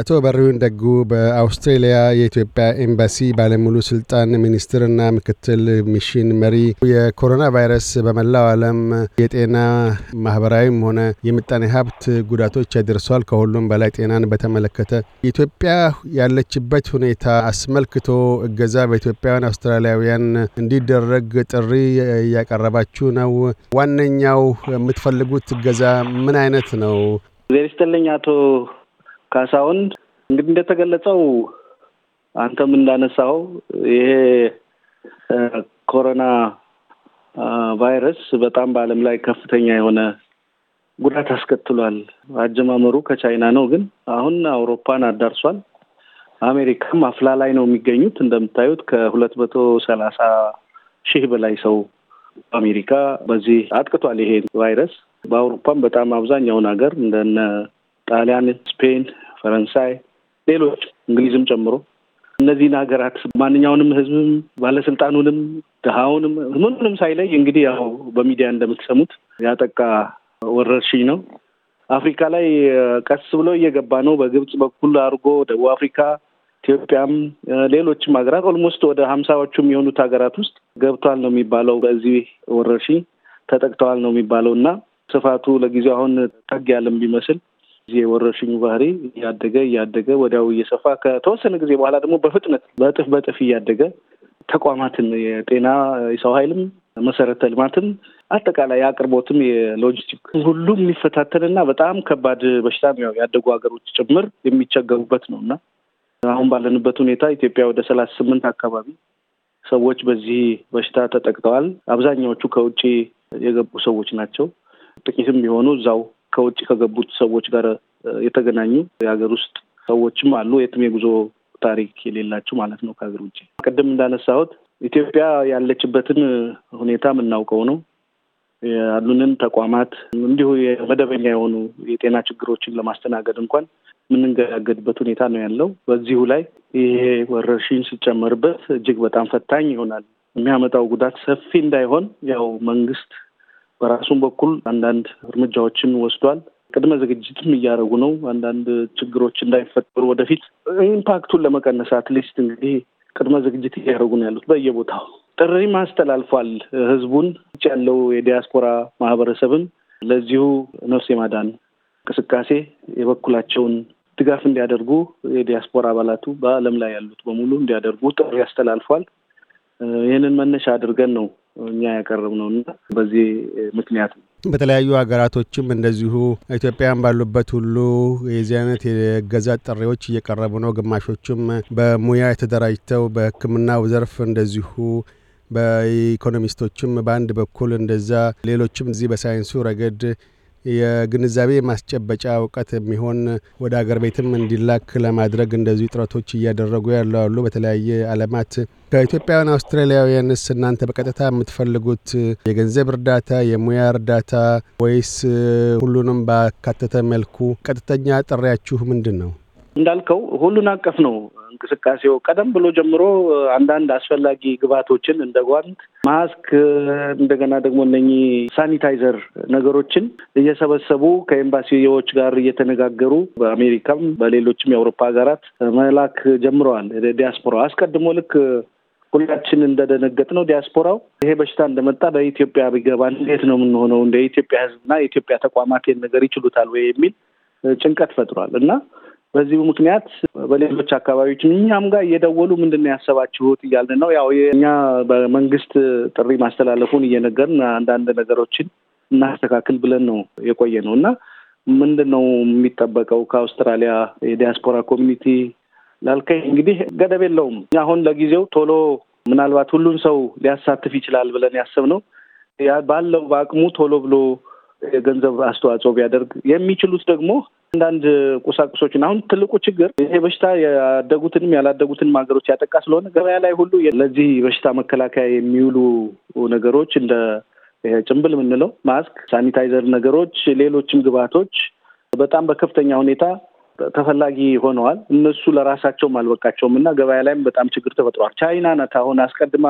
አቶ በሪውን ደጉ በአውስትሬሊያ የኢትዮጵያ ኤምባሲ ባለሙሉ ስልጣን ሚኒስትርና ምክትል ሚሽን መሪ፣ የኮሮና ቫይረስ በመላው ዓለም የጤና ማህበራዊም ሆነ የምጣኔ ሀብት ጉዳቶች ያደርሰዋል። ከሁሉም በላይ ጤናን በተመለከተ ኢትዮጵያ ያለችበት ሁኔታ አስመልክቶ እገዛ በኢትዮጵያውያን አውስትራሊያውያን እንዲደረግ ጥሪ እያቀረባችሁ ነው። ዋነኛው የምትፈልጉት እገዛ ምን አይነት ነው? ዜር አቶ ካሳሁን እንግዲህ እንደተገለጸው አንተም እንዳነሳው ይሄ ኮሮና ቫይረስ በጣም በዓለም ላይ ከፍተኛ የሆነ ጉዳት አስከትሏል። አጀማመሩ ከቻይና ነው፣ ግን አሁን አውሮፓን አዳርሷል። አሜሪካም አፍላ ላይ ነው የሚገኙት። እንደምታዩት ከሁለት መቶ ሰላሳ ሺህ በላይ ሰው አሜሪካ በዚህ አጥቅቷል ይሄ ቫይረስ። በአውሮፓም በጣም አብዛኛውን ሀገር እንደነ ጣሊያን፣ ስፔን፣ ፈረንሳይ፣ ሌሎች እንግሊዝም ጨምሮ እነዚህን ሀገራት ማንኛውንም ህዝብም ባለስልጣኑንም ድሃውንም ምኑንም ሳይለይ እንግዲህ ያው በሚዲያ እንደምትሰሙት ያጠቃ ወረርሽኝ ነው። አፍሪካ ላይ ቀስ ብሎ እየገባ ነው። በግብጽ በኩል አድርጎ ደቡብ አፍሪካ፣ ኢትዮጵያም ሌሎችም ሀገራት ኦልሞስት ወደ ሀምሳዎቹ የሚሆኑት ሀገራት ውስጥ ገብቷል ነው የሚባለው። በዚህ ወረርሽኝ ተጠቅተዋል ነው የሚባለው እና ስፋቱ ለጊዜው አሁን ጠግ ያለም ቢመስል የወረርሽኙ ባህሪ እያደገ እያደገ ወዲያው እየሰፋ ከተወሰነ ጊዜ በኋላ ደግሞ በፍጥነት በእጥፍ በእጥፍ እያደገ ተቋማትን የጤና የሰው ኃይልም መሰረተ ልማትም አጠቃላይ አቅርቦትም የሎጂስቲክ ሁሉም የሚፈታተንና በጣም ከባድ በሽታ ያው ያደጉ ሀገሮች ጭምር የሚቸገሩበት ነው እና አሁን ባለንበት ሁኔታ ኢትዮጵያ ወደ ሰላሳ ስምንት አካባቢ ሰዎች በዚህ በሽታ ተጠቅተዋል። አብዛኛዎቹ ከውጭ የገቡ ሰዎች ናቸው። ጥቂትም ቢሆኑ እዛው ከውጭ ከገቡት ሰዎች ጋር የተገናኙ የሀገር ውስጥ ሰዎችም አሉ። የትም የጉዞ ታሪክ የሌላቸው ማለት ነው ከሀገር ውጭ። ቅድም እንዳነሳሁት ኢትዮጵያ ያለችበትን ሁኔታ የምናውቀው ነው። ያሉንን ተቋማት እንዲሁ የመደበኛ የሆኑ የጤና ችግሮችን ለማስተናገድ እንኳን የምንገዳገድበት ሁኔታ ነው ያለው። በዚሁ ላይ ይሄ ወረርሽኝ ሲጨመርበት እጅግ በጣም ፈታኝ ይሆናል። የሚያመጣው ጉዳት ሰፊ እንዳይሆን ያው መንግስት በራሱም በኩል አንዳንድ እርምጃዎችን ወስዷል። ቅድመ ዝግጅትም እያደረጉ ነው። አንዳንድ ችግሮች እንዳይፈጠሩ ወደፊት ኢምፓክቱን ለመቀነስ አትሊስት እንግዲህ ቅድመ ዝግጅት እያደረጉ ነው ያሉት በየቦታው ጥሪም አስተላልፏል። ህዝቡን ውጭ ያለው የዲያስፖራ ማህበረሰብን ለዚሁ ነፍስ የማዳን እንቅስቃሴ የበኩላቸውን ድጋፍ እንዲያደርጉ የዲያስፖራ አባላቱ በዓለም ላይ ያሉት በሙሉ እንዲያደርጉ ጥሪ አስተላልፏል። ይህንን መነሻ አድርገን ነው እኛ ነው እና በዚህ ምክንያት ነው። በተለያዩ ሀገራቶችም እንደዚሁ ኢትዮጵያን ባሉበት ሁሉ የዚህ አይነት የገዛ ጥሪዎች እየቀረቡ ነው። ግማሾቹም በሙያ የተደራጅተው በሕክምናው ዘርፍ እንደዚሁ በኢኮኖሚስቶችም በአንድ በኩል እንደዛ፣ ሌሎችም እዚህ በሳይንሱ ረገድ የግንዛቤ ማስጨበጫ እውቀት የሚሆን ወደ አገር ቤትም እንዲላክ ለማድረግ እንደዚሁ ጥረቶች እያደረጉ ያለዋሉ በተለያየ አለማት ከኢትዮጵያውያን አውስትራሊያውያንስ እናንተ በቀጥታ የምትፈልጉት የገንዘብ እርዳታ፣ የሙያ እርዳታ ወይስ ሁሉንም ባካተተ መልኩ ቀጥተኛ ጥሪያችሁ ምንድን ነው? እንዳልከው ሁሉን አቀፍ ነው። እንቅስቃሴው ቀደም ብሎ ጀምሮ አንዳንድ አስፈላጊ ግብዓቶችን እንደ ጓንት፣ ማስክ እንደገና ደግሞ እነኚህ ሳኒታይዘር ነገሮችን እየሰበሰቡ ከኤምባሲዎች ጋር እየተነጋገሩ በአሜሪካም በሌሎችም የአውሮፓ ሀገራት መላክ ጀምረዋል። ዲያስፖራ አስቀድሞ ልክ ሁላችን እንደደነገጥ ነው። ዲያስፖራው ይሄ በሽታ እንደመጣ በኢትዮጵያ ቢገባ እንዴት ነው የምንሆነው? እንደ ኢትዮጵያ ሕዝብና የኢትዮጵያ ተቋማት ነገር ይችሉታል ወይ የሚል ጭንቀት ፈጥሯል እና በዚሁ ምክንያት በሌሎች አካባቢዎች እኛም ጋር እየደወሉ ምንድን ነው ያሰባችሁት እያልን ነው። ያው እኛ በመንግስት ጥሪ ማስተላለፉን እየነገርን አንዳንድ ነገሮችን እናስተካክል ብለን ነው የቆየ ነው እና ምንድን ነው የሚጠበቀው ከአውስትራሊያ የዲያስፖራ ኮሚኒቲ ላልከኝ እንግዲህ ገደብ የለውም። አሁን ለጊዜው ቶሎ ምናልባት ሁሉን ሰው ሊያሳትፍ ይችላል ብለን ነው ባለው በአቅሙ ቶሎ ብሎ የገንዘብ አስተዋጽኦ ቢያደርግ የሚችሉት ደግሞ አንዳንድ ቁሳቁሶችን አሁን ትልቁ ችግር ይሄ በሽታ ያደጉትንም ያላደጉትንም ሀገሮች ያጠቃ ስለሆነ ገበያ ላይ ሁሉ ለዚህ በሽታ መከላከያ የሚውሉ ነገሮች እንደ ጭንብል የምንለው ማስክ፣ ሳኒታይዘር ነገሮች፣ ሌሎችም ግብዓቶች በጣም በከፍተኛ ሁኔታ ተፈላጊ ሆነዋል። እነሱ ለራሳቸውም አልበቃቸውም እና ገበያ ላይም በጣም ችግር ተፈጥሯል። ቻይና ናት አሁን አስቀድማ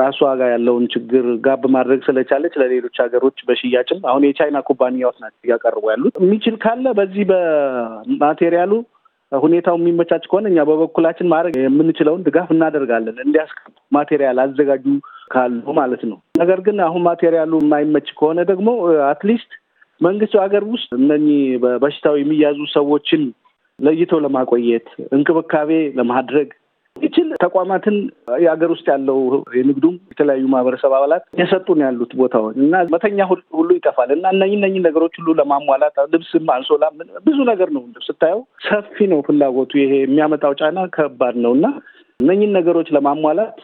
ራሷ ጋር ያለውን ችግር ጋብ ማድረግ ስለቻለች ለሌሎች ሀገሮች በሽያጭም አሁን የቻይና ኩባንያዎች ናቸው እያቀርቡ ያሉት። የሚችል ካለ በዚህ በማቴሪያሉ ሁኔታው የሚመቻች ከሆነ እኛ በበኩላችን ማድረግ የምንችለውን ድጋፍ እናደርጋለን። እንዲያስቀምጡ ማቴሪያል አዘጋጁ ካሉ ማለት ነው። ነገር ግን አሁን ማቴሪያሉ የማይመች ከሆነ ደግሞ አትሊስት መንግስት ሀገር ውስጥ እነኚህ በበሽታው የሚያዙ ሰዎችን ለይቶ ለማቆየት እንክብካቤ ለማድረግ የሚችል ተቋማትን የሀገር ውስጥ ያለው የንግዱም የተለያዩ ማህበረሰብ አባላት የሰጡን ያሉት ቦታዎች እና መተኛ ሁሉ ይጠፋል እና እነ እነኝ ነገሮች ሁሉ ለማሟላት ልብስም፣ አንሶላ ብዙ ነገር ነው ስታየው ሰፊ ነው ፍላጎቱ። ይሄ የሚያመጣው ጫና ከባድ ነው እና እነኝን ነገሮች ለማሟላት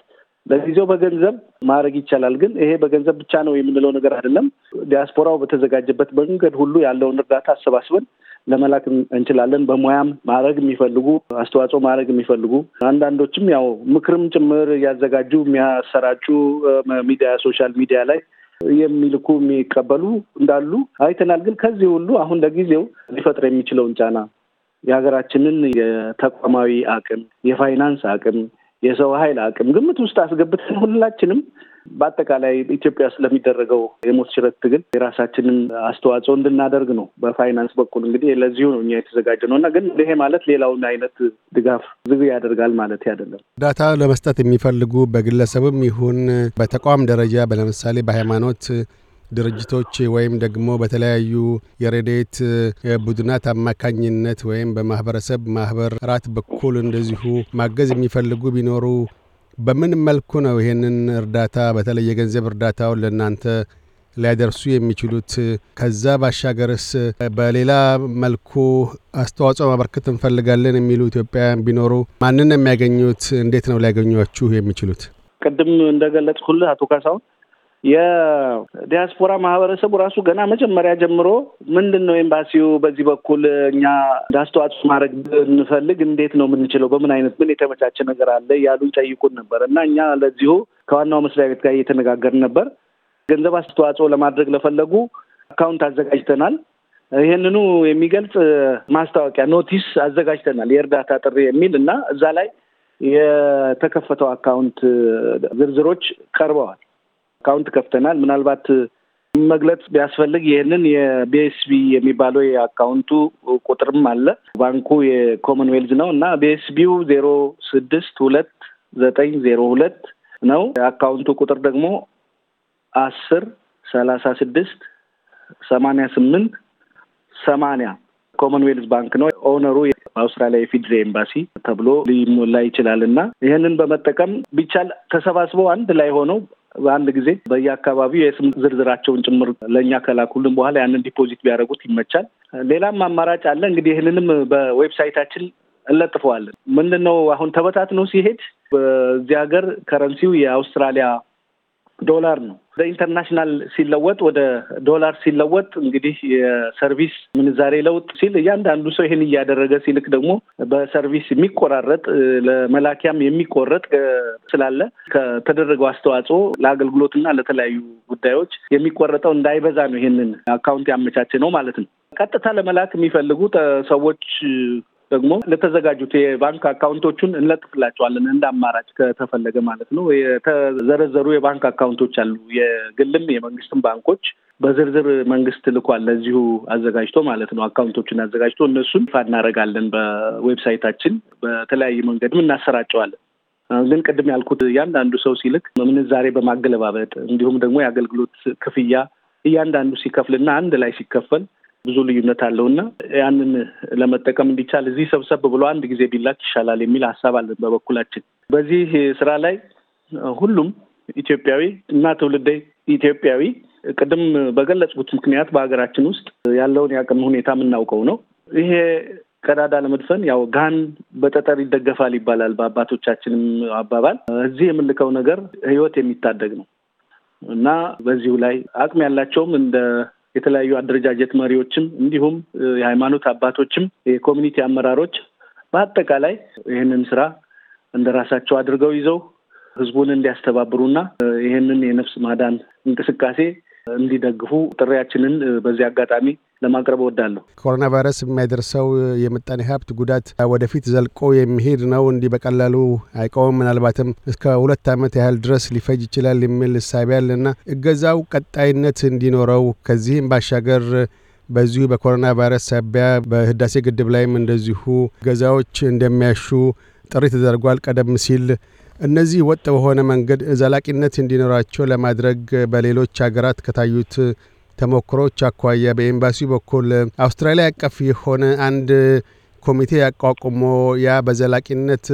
ለጊዜው በገንዘብ ማድረግ ይቻላል። ግን ይሄ በገንዘብ ብቻ ነው የምንለው ነገር አይደለም። ዲያስፖራው በተዘጋጀበት መንገድ ሁሉ ያለውን እርዳታ አሰባስበን ለመላክ እንችላለን። በሙያም ማድረግ የሚፈልጉ አስተዋጽኦ ማድረግ የሚፈልጉ አንዳንዶችም ያው ምክርም ጭምር እያዘጋጁ የሚያሰራጩ ሚዲያ ሶሻል ሚዲያ ላይ የሚልኩ የሚቀበሉ እንዳሉ አይተናል። ግን ከዚህ ሁሉ አሁን ለጊዜው ሊፈጥር የሚችለውን ጫና የሀገራችንን የተቋማዊ አቅም፣ የፋይናንስ አቅም፣ የሰው ኃይል አቅም ግምት ውስጥ አስገብተን ሁላችንም በአጠቃላይ ኢትዮጵያ ውስጥ ለሚደረገው የሞት ሽረት ትግል የራሳችንን አስተዋጽኦ እንድናደርግ ነው። በፋይናንስ በኩል እንግዲህ ለዚሁ ነው እኛ የተዘጋጀ ነው እና ግን ይሄ ማለት ሌላውን አይነት ድጋፍ ዝግ ያደርጋል ማለት አይደለም። እርዳታ ለመስጠት የሚፈልጉ በግለሰብም ይሁን በተቋም ደረጃ ለምሳሌ በሃይማኖት ድርጅቶች ወይም ደግሞ በተለያዩ የሬዴት ቡድናት አማካኝነት ወይም በማህበረሰብ ማህበራት በኩል እንደዚሁ ማገዝ የሚፈልጉ ቢኖሩ በምን መልኩ ነው ይህንን እርዳታ በተለይ የገንዘብ እርዳታውን ለእናንተ ሊያደርሱ የሚችሉት? ከዛ ባሻገርስ በሌላ መልኩ አስተዋጽኦ ማበርከት እንፈልጋለን የሚሉ ኢትዮጵያውያን ቢኖሩ ማንን ነው የሚያገኙት? እንዴት ነው ሊያገኟችሁ የሚችሉት? ቅድም እንደገለጽኩልህ አቶ ካሳሁን የዲያስፖራ ማህበረሰቡ ራሱ ገና መጀመሪያ ጀምሮ ምንድን ነው ኤምባሲው በዚህ በኩል እኛ አስተዋጽኦ ማድረግ ብንፈልግ እንዴት ነው የምንችለው? በምን አይነት ምን የተመቻቸ ነገር አለ ያሉ ይጠይቁን ነበር እና እኛ ለዚሁ ከዋናው መስሪያ ቤት ጋር እየተነጋገርን ነበር። ገንዘብ አስተዋጽኦ ለማድረግ ለፈለጉ አካውንት አዘጋጅተናል። ይህንኑ የሚገልጽ ማስታወቂያ ኖቲስ አዘጋጅተናል፣ የእርዳታ ጥሪ የሚል እና እዛ ላይ የተከፈተው አካውንት ዝርዝሮች ቀርበዋል። አካውንት ከፍተናል። ምናልባት መግለጽ ቢያስፈልግ ይህንን የቢኤስቢ የሚባለው የአካውንቱ ቁጥርም አለ። ባንኩ የኮመንዌልዝ ነው እና ቢኤስቢው ዜሮ ስድስት ሁለት ዘጠኝ ዜሮ ሁለት ነው። የአካውንቱ ቁጥር ደግሞ አስር ሰላሳ ስድስት ሰማንያ ስምንት ሰማንያ ኮመንዌልዝ ባንክ ነው። ኦነሩ በአውስትራሊያ የፊድሬ ኤምባሲ ተብሎ ሊሞላ ይችላል እና ይህንን በመጠቀም ቢቻል ተሰባስበው አንድ ላይ ሆነው በአንድ ጊዜ በየአካባቢው የስም ዝርዝራቸውን ጭምር ለእኛ ከላኩልን በኋላ ያንን ዲፖዚት ቢያደርጉት ይመቻል። ሌላም አማራጭ አለ እንግዲህ ይህንንም በዌብሳይታችን እንለጥፈዋለን። ምንድን ነው አሁን ተበታትኖ ሲሄድ በዚህ ሀገር ከረንሲው የአውስትራሊያ ዶላር ነው። ኢንተርናሽናል ሲለወጥ ወደ ዶላር ሲለወጥ እንግዲህ የሰርቪስ ምንዛሬ ለውጥ ሲል እያንዳንዱ ሰው ይህን እያደረገ ሲልክ ደግሞ በሰርቪስ የሚቆራረጥ ለመላኪያም የሚቆረጥ ስላለ ከተደረገው አስተዋጽኦ ለአገልግሎትና ለተለያዩ ጉዳዮች የሚቆረጠው እንዳይበዛ ነው ይህንን አካውንት ያመቻቸ ነው ማለት ነው። ቀጥታ ለመላክ የሚፈልጉ ሰዎች ደግሞ ለተዘጋጁት የባንክ አካውንቶቹን እንለጥፍላቸዋለን እንደ አማራጭ ከተፈለገ ማለት ነው። የተዘረዘሩ የባንክ አካውንቶች አሉ፣ የግልም የመንግስትም ባንኮች በዝርዝር መንግስት ልኳል ለዚሁ አዘጋጅቶ ማለት ነው። አካውንቶችን አዘጋጅቶ እነሱን ይፋ እናደርጋለን በዌብሳይታችን በተለያየ መንገድም እናሰራጨዋለን። ግን ቅድም ያልኩት እያንዳንዱ ሰው ሲልክ ምንዛሬ በማገለባበጥ እንዲሁም ደግሞ የአገልግሎት ክፍያ እያንዳንዱ ሲከፍልና አንድ ላይ ሲከፈል ብዙ ልዩነት አለው እና ያንን ለመጠቀም እንዲቻል እዚህ ሰብሰብ ብሎ አንድ ጊዜ ቢላክ ይሻላል የሚል ሀሳብ አለን በበኩላችን። በዚህ ስራ ላይ ሁሉም ኢትዮጵያዊ እና ትውልደ ኢትዮጵያዊ ቅድም በገለጽኩት ምክንያት በሀገራችን ውስጥ ያለውን የአቅም ሁኔታ የምናውቀው ነው። ይሄ ቀዳዳ ለመድፈን ያው ጋን በጠጠር ይደገፋል ይባላል በአባቶቻችንም አባባል። እዚህ የምልከው ነገር ህይወት የሚታደግ ነው እና በዚሁ ላይ አቅም ያላቸውም እንደ የተለያዩ አደረጃጀት መሪዎችም እንዲሁም የሃይማኖት አባቶችም የኮሚኒቲ አመራሮች በአጠቃላይ ይህንን ስራ እንደራሳቸው አድርገው ይዘው ህዝቡን እንዲያስተባብሩና ይህንን የነፍስ ማዳን እንቅስቃሴ እንዲደግፉ ጥሪያችንን በዚህ አጋጣሚ ለማቅረብ እወዳለሁ። ኮሮና ቫይረስ የሚያደርሰው የምጣኔ ሀብት ጉዳት ወደፊት ዘልቆ የሚሄድ ነው። እንዲህ በቀላሉ አይቆምም። ምናልባትም እስከ ሁለት ዓመት ያህል ድረስ ሊፈጅ ይችላል የሚል እሳቤ እና እገዛው ቀጣይነት እንዲኖረው ከዚህም ባሻገር በዚሁ በኮሮና ቫይረስ ሳቢያ በህዳሴ ግድብ ላይም እንደዚሁ ገዛዎች እንደሚያሹ ጥሪ ተደርጓል። ቀደም ሲል እነዚህ ወጥ በሆነ መንገድ ዘላቂነት እንዲኖራቸው ለማድረግ በሌሎች ሀገራት ከታዩት ተሞክሮች አኳያ በኤምባሲው በኩል አውስትራሊያ አቀፍ የሆነ አንድ ኮሚቴ ያቋቁሞ ያ በዘላቂነት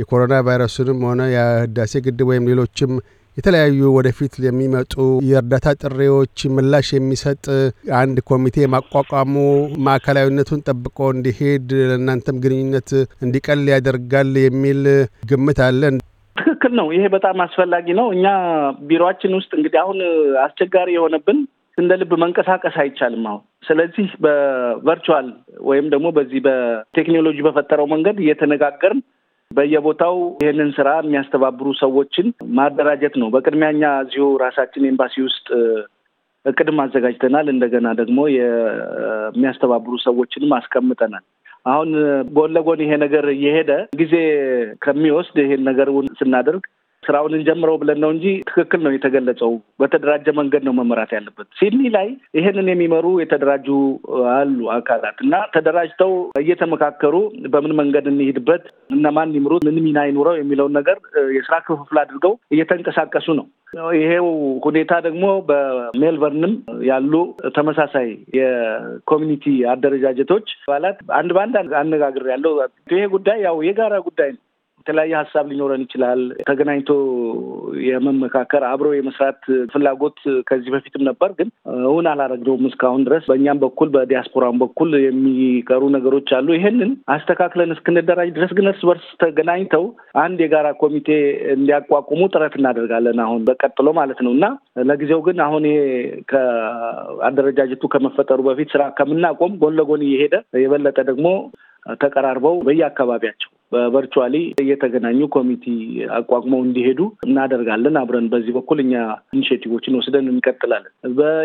የኮሮና ቫይረሱንም ሆነ የህዳሴ ግድብ ወይም ሌሎችም የተለያዩ ወደፊት የሚመጡ የእርዳታ ጥሪዎች ምላሽ የሚሰጥ አንድ ኮሚቴ ማቋቋሙ ማዕከላዊነቱን ጠብቆ እንዲሄድ ለእናንተም ግንኙነት እንዲቀል ያደርጋል የሚል ግምት አለ። ትክክል ነው። ይሄ በጣም አስፈላጊ ነው። እኛ ቢሮችን ውስጥ እንግዲህ አሁን አስቸጋሪ የሆነብን እንደ ልብ መንቀሳቀስ አይቻልም አሁን። ስለዚህ በቨርቹዋል ወይም ደግሞ በዚህ በቴክኖሎጂ በፈጠረው መንገድ እየተነጋገርን በየቦታው ይህንን ስራ የሚያስተባብሩ ሰዎችን ማደራጀት ነው። በቅድሚያ እኛ እዚሁ ራሳችን ኤምባሲ ውስጥ እቅድም አዘጋጅተናል። እንደገና ደግሞ የሚያስተባብሩ ሰዎችንም አስቀምጠናል። አሁን ጎን ለጎን ይሄ ነገር እየሄደ ጊዜ ከሚወስድ ይሄን ነገር ስናደርግ ስራውን እንጀምረው ብለን ነው እንጂ ትክክል ነው የተገለጸው። በተደራጀ መንገድ ነው መመራት ያለበት። ሲድኒ ላይ ይህንን የሚመሩ የተደራጁ አሉ አካላት እና ተደራጅተው እየተመካከሩ በምን መንገድ እንሄድበት፣ እና ማን ይምሩ ምን ሚና ይኑረው የሚለውን ነገር የስራ ክፍፍል አድርገው እየተንቀሳቀሱ ነው። ይሄው ሁኔታ ደግሞ በሜልበርንም ያሉ ተመሳሳይ የኮሚኒቲ አደረጃጀቶች አባላት አንድ በአንድ አነጋግር ያለው ይሄ ጉዳይ ያው የጋራ ጉዳይ ነው። የተለያየ ሀሳብ ሊኖረን ይችላል። ተገናኝቶ የመመካከር አብሮ የመስራት ፍላጎት ከዚህ በፊትም ነበር፣ ግን እውን አላረግነውም እስካሁን ድረስ። በእኛም በኩል በዲያስፖራም በኩል የሚቀሩ ነገሮች አሉ። ይሄንን አስተካክለን እስክንደራጅ ድረስ ግን እርስ በርስ ተገናኝተው አንድ የጋራ ኮሚቴ እንዲያቋቁሙ ጥረት እናደርጋለን። አሁን በቀጥሎ ማለት ነው እና ለጊዜው ግን አሁን ይሄ ከአደረጃጀቱ ከመፈጠሩ በፊት ስራ ከምናቆም ጎን ለጎን እየሄደ የበለጠ ደግሞ ተቀራርበው በየአካባቢያቸው በቨርቹዋሊ እየተገናኙ ኮሚቲ አቋቁመው እንዲሄዱ እናደርጋለን። አብረን በዚህ በኩል እኛ ኢኒሽቲቮችን ወስደን እንቀጥላለን።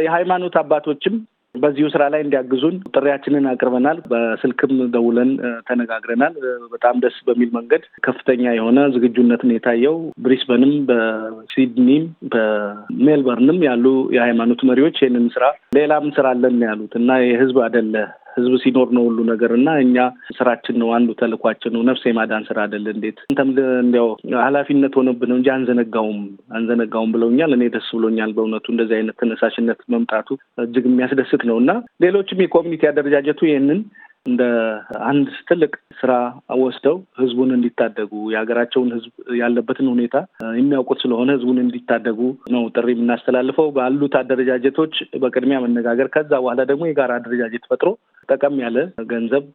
የሃይማኖት አባቶችም በዚሁ ስራ ላይ እንዲያግዙን ጥሪያችንን አቅርበናል። በስልክም ደውለን ተነጋግረናል። በጣም ደስ በሚል መንገድ ከፍተኛ የሆነ ዝግጁነት የታየው። ብሪስበንም፣ በሲድኒም፣ በሜልበርንም ያሉ የሃይማኖት መሪዎች ይህንን ስራ ሌላም ስራ አለን ያሉት እና የህዝብ አደለ ህዝብ ሲኖር ነው ሁሉ ነገር እና እኛ ስራችን ነው አንዱ ተልኳችን ነው። ነፍስ የማዳን ስራ አይደል እንዴት እንተም እንዲያው ሀላፊነት ሆነብን እንጂ አንዘነጋውም አንዘነጋውም ብለውኛል። እኔ ደስ ብሎኛል በእውነቱ እንደዚህ አይነት ተነሳሽነት መምጣቱ እጅግ የሚያስደስት ነው እና ሌሎችም የኮሚኒቲ አደረጃጀቱ ይህንን እንደ አንድ ትልቅ ስራ ወስደው ህዝቡን እንዲታደጉ የሀገራቸውን ህዝብ ያለበትን ሁኔታ የሚያውቁት ስለሆነ ህዝቡን እንዲታደጉ ነው ጥሪ የምናስተላልፈው። ባሉት አደረጃጀቶች በቅድሚያ መነጋገር፣ ከዛ በኋላ ደግሞ የጋራ አደረጃጀት ፈጥሮ ጠቀም ያለ ገንዘብ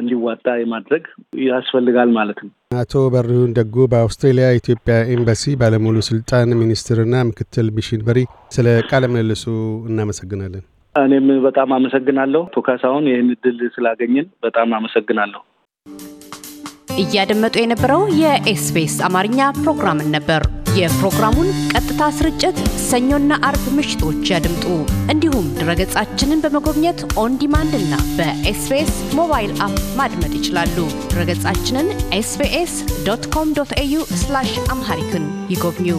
እንዲዋጣ የማድረግ ያስፈልጋል ማለት ነው። አቶ በሪሁን ደጉ በአውስትሬሊያ ኢትዮጵያ ኤምባሲ ባለሙሉ ስልጣን ሚኒስትርና ምክትል ሚሽን በሪ፣ ስለ ቃለ ምልልሱ እናመሰግናለን። እኔም በጣም አመሰግናለሁ። አቶ ይህን እድል ስላገኘን በጣም አመሰግናለሁ። እያደመጡ የነበረው የኤስቢኤስ አማርኛ ፕሮግራምን ነበር። የፕሮግራሙን ቀጥታ ስርጭት ሰኞና አርብ ምሽቶች ያድምጡ። እንዲሁም ድረገጻችንን በመጎብኘት ኦን እና በኤስቢኤስ ሞባይል አፕ ማድመጥ ይችላሉ። ድረገጻችንን ኤስቢኤስ ዶት ኮም ኤዩ አምሃሪክን ይጎብኙ።